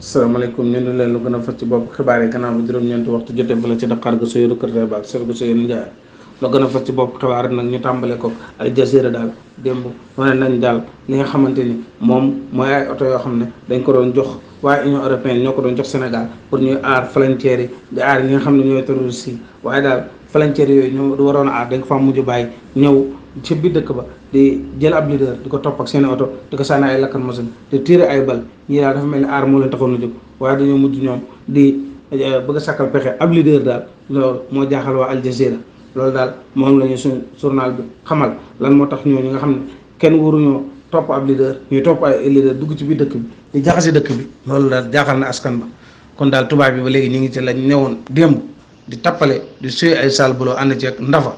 asalaamaaleykum ñu leen lu gën a fas ci bopp xibaar yi gannaaw bu juróom-ñeenti waxtu jotee fële ci Dakar gu sooy recruté njaay lu gën a fas ci bopp xibaar nag ñu tàmbale ko Al Jazeera daal démb wane nañ daal li nga xamante ni moom mooy ay oto yoo xam ne dañ ko doon jox waaye Union européenne ñoo ko doon jox Sénégal pour ñuy aar frontière yi di aar ñi nga xam ne ñooy terroriste yi waaye daal palanteer yooyu ñoo waroon a aar dañ ko fa mujj bàyyi ñëw ci biir dëkk ba di jël ab leader di ko topp ak seen oto di ko sànni ay moo machine di tiire ay bal ñii daal dafa mel ni aar moo leen taxoon a jóg waaye dañoo mujj ñoom di eh, bëgg a sàkkal pexe ab leader daal loolu moo jaaxal waa Al Jazeera loolu daal moom la ñu suñ bi xamal lan moo tax ñooñu nga xam ne kenn waruñoo topp ab leader ñuy topp ay leader dugg ci biir dëkk bi di jaxase dëkk bi loolu daal jaaxal na askan ba kon daal tubaab bi léegi ñu ngi ci lañ newoon démb di tappale di suy ay saal buloo ànd ci ak ndafa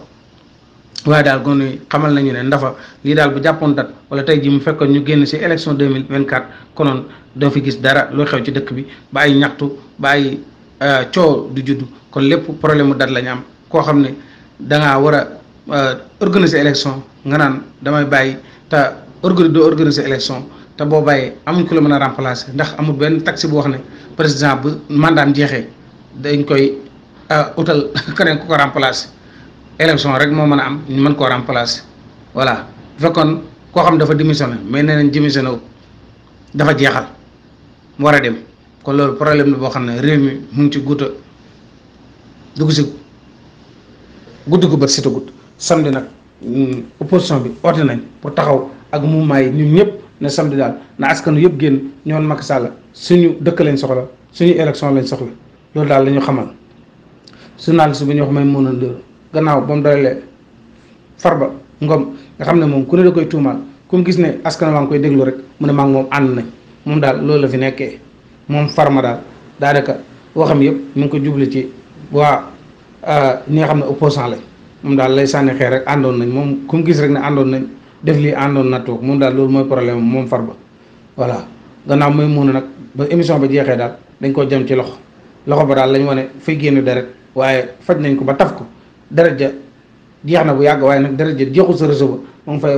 waaye daal kon xamal nañu ne ndafa lii daal bu jàppoon dat wala tey ji mu fekkoon ñu génn si élection 2024 konoon doo fi gis dara loo xew ci dëkk bi ba ay ñaxtu ba ay euh, coow du juddu kon lépp problème mu dat la am koo xam ne dangaa war a euh, organiser élection nga naan damay bàyyi te organi doo organiser élection te boo bàyyee amuñ ku la mën a remplacé ndax amul benn taxi bu wax ne président bu mandaam jeexee dañ Euh, utal keneen ku ko remplacer élection rek moo mën a am ñu mën koo remplacer voilà bu fekkoon koo xam dafa démissionné mais nee nañ démissionné dafa jeexal mu war a dem kon loolu problème la boo xam ne réew mi mu ngi ci guuta dugg si gudd gu bët sita gudd samedi nag mm, opposition bi oote nañ pour taxaw ak mouvement yi ñun ñëpp ne samedi daal na askanu yëpp génn ñoon Macky Sall suñu dëkk lañ soxla suñu élection lañ soxla loolu daal lañu ñu xamal journaliste bu ñuy wax may mën gannaaw ba mu dalalee farba ngom xam ne moom ku ne da koy tuumaal ku gis ne askan waa ngi koy déglu rek mu ne maa moom ànd nañ moom daal loolu la fi nekkee moom farma daal daanaka waxam yëpp mu ngi ko juble ci waa euh, ñi nga xam ne opposant lañ moom daal lay sànni xeer rek àndoon nañ moom ku gis rek ne àndoon nañ def lii àndoon na toog moom daal loolu mooy problème moom farba voilà gannaaw mooy mën a nag ba émission ba jeexee daal dañ koo jëm ci loxo loxo ba daal lañ wane fay génn deret waaye faj nañ ko ba taf ko daraja jeex na bu yàgg waaye nag daraja jeexu sa réseau ba moom fay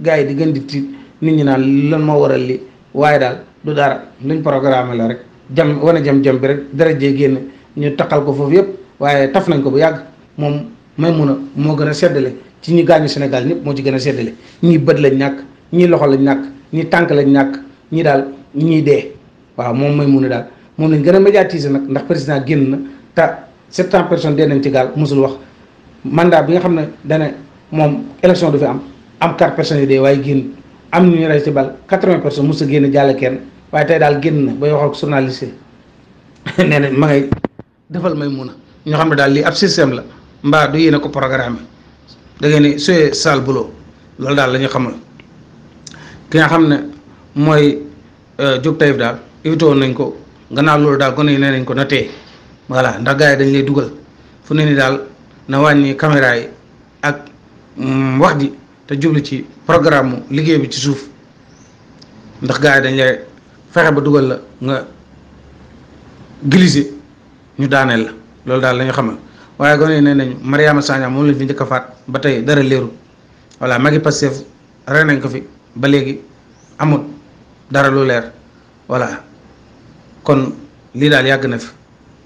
gars yi di gën di tiit nit ñi naan lan moo war a li waaye daal du dara luñ programme la rek jam wane jam jam bi rek daraja génn ñu taqal ko foofu yëpp waaye taf nañ ko bu yàgg moom may mun a moo gën a seddale ci ñi gaañu Sénégal ñëpp moo ci gën a seddale ñii bët lañ ñàkk ñii loxo lañ ñàkk ñii tànk lañ ñàkk ñii daal ñii dee waaw moom may mun a daal moom lañ gën a médiatiser nag ndax président génn na te sept cent personnes dee nañ ci gaal mosul wax mandat bi nga xam ne dana moom élection du fi am am quatre personnes yi dee waaye génn am ñu ñu rey ci bal quatre-vingts personnes mosul génn jàll kenn waaye tey daal génn na bay wax ak journaliste yi ma ngay defal may mun a ñoo xam ne daal lii ab système la mbaa du yéene ko programme da ngeen ni suyee sal bulo loolu daal la ñu xamal ki nga xam ne mooy euh, Diop Taïf daal évité woon nañ ko gannaaw loolu daal gone yi nee nañ ko na tee voilà ndax gars yi dañ lay dugal fu ne nii daal na wàññi caméra ak mm, wax ji te jublu ci programme mu liggéey bi ci suuf ndax gars yi dañ lay fexe ba dugal la nga glissé ñu daaneel la loolu daal lañu ñu xamal waaye gone yi nee nañu Mariama Sagna moom lañ fi njëkk a faat ba tey dara leeru voilà magi Pastef rey nañ ko fi ba léegi amut dara lu leer voilà kon lii daal yàgg na fi.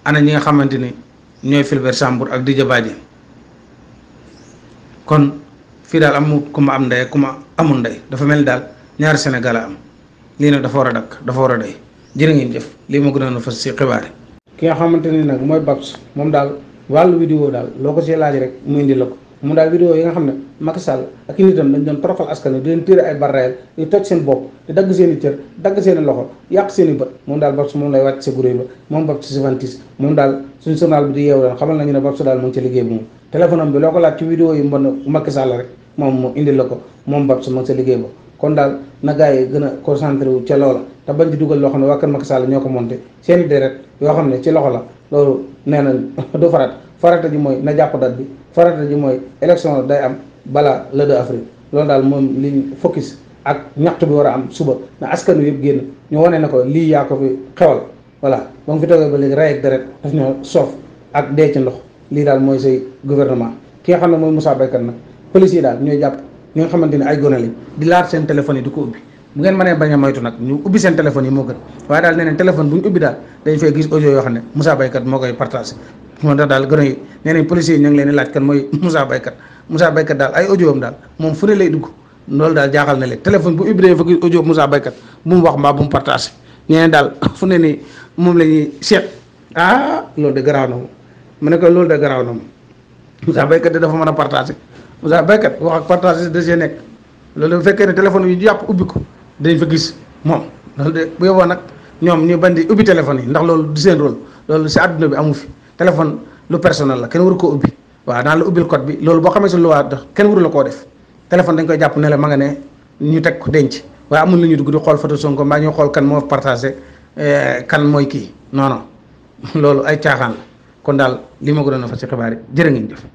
ana ñi nga xamante ni ñooy Fulbert Sambou ak di Badji kon fii daal amu ku ma am ndey ku ma amul ndey dafa mel ni daal ñaari senegal am lii nag dafa war a dakk dafa war a day jërë ngeen jëf lii ma gënoon a fas si xibaar ki nga xamante ni nag mooy Babs moom daal wàllu vidéo daal loo ko see laaj rek mu indi la ko. mun daal vidéo yi nga xam ne Macky Sall ak i nitam dañ doon toroxal askan wi di leen tiire ay barreel di toj seen bopp di dagg seen i cër dagg seen loxo yàq seen i bët moom daal Babs moom lay wàcc sa guréy ba moom Babs Sivantis moom daal suñu journal bi di mu ngi bi moom téléphone am bi loo ko laaj ci vidéo yi mbon Macky Sall rek moom moo indil la ko moom Babs mu ngi sa liggéey ba kon daal na gars yi gën a concentré ca loola te bañ ci dugal loo xam ne waa kër Macky Sall ñoo ko monté seen i deret yoo xam ne ci loxo la loolu nee na du farata farata ji mooy na jàpp daal bi farata ji mooy élection day am balaa la 2 avril loolu daal moom liñ focus ak ñaxtu bi war a am suba na askan wi yëpp génn ñoo wane ne ko lii yaa ko fi xewal voilà ba nga fi toogee ba léegi rey ak deret daf ñoo soof ak dee ci ndox lii daal mooy say gouvernement ki nga xam ne mooy Moussa Baykat nag police yi daal ñooy jàpp ñi nga xamante ne ay gone lañ di laar seen téléphone yi di ko ubbi bu ngeen mënee bañ a moytu nag ñu ubbi seen téléphone yi moo gën waaye daal nee nañ téléphone bu ñu ubbi daal dañ fay gis audio yoo xam ne Moussa Baykat moo koy partagé a yi nee nañ policiers yi ñu ngi leen di laaj kan mooy Moussa Baykat daal moom fu ne dugg loolu daal jaaxal na leen téléphone bu ubbi dañ fa gis audio Moussa Baykat mu wax mbaa bu mu partagé nee daal fu ne nii moom la ñuy ah loolu de garaaw mu ne ko loolu de garaaw na moom Moussa Baykat dafa man a partagé Moussa Baykat wax ak partagé de see nekk loolu bu fekkee ne téléphone yu jàpp ubbi ko dañ fa gis moom ndax de bu yoboo nag ñoom ñu bandi ubbi téléphone yi ndax loolu du seen rôle loolu si àdduna bi amu fi téléphone lu personnel la kenn waru koo ubbi waa daan la ubbil code bi loolu boo xamee si luwaa tax kenn waru la koo def téléphone dañ koy jàpp ne la ma nga ne ñu teg ko denc waaye amul lu ñu dugg di xool photo Sonko mbaa ñu xool kan moo partagé eh, kan mooy kii noonu loolu ay caaxaan la kon daal li ma ko doon fa si xibaar yi jërë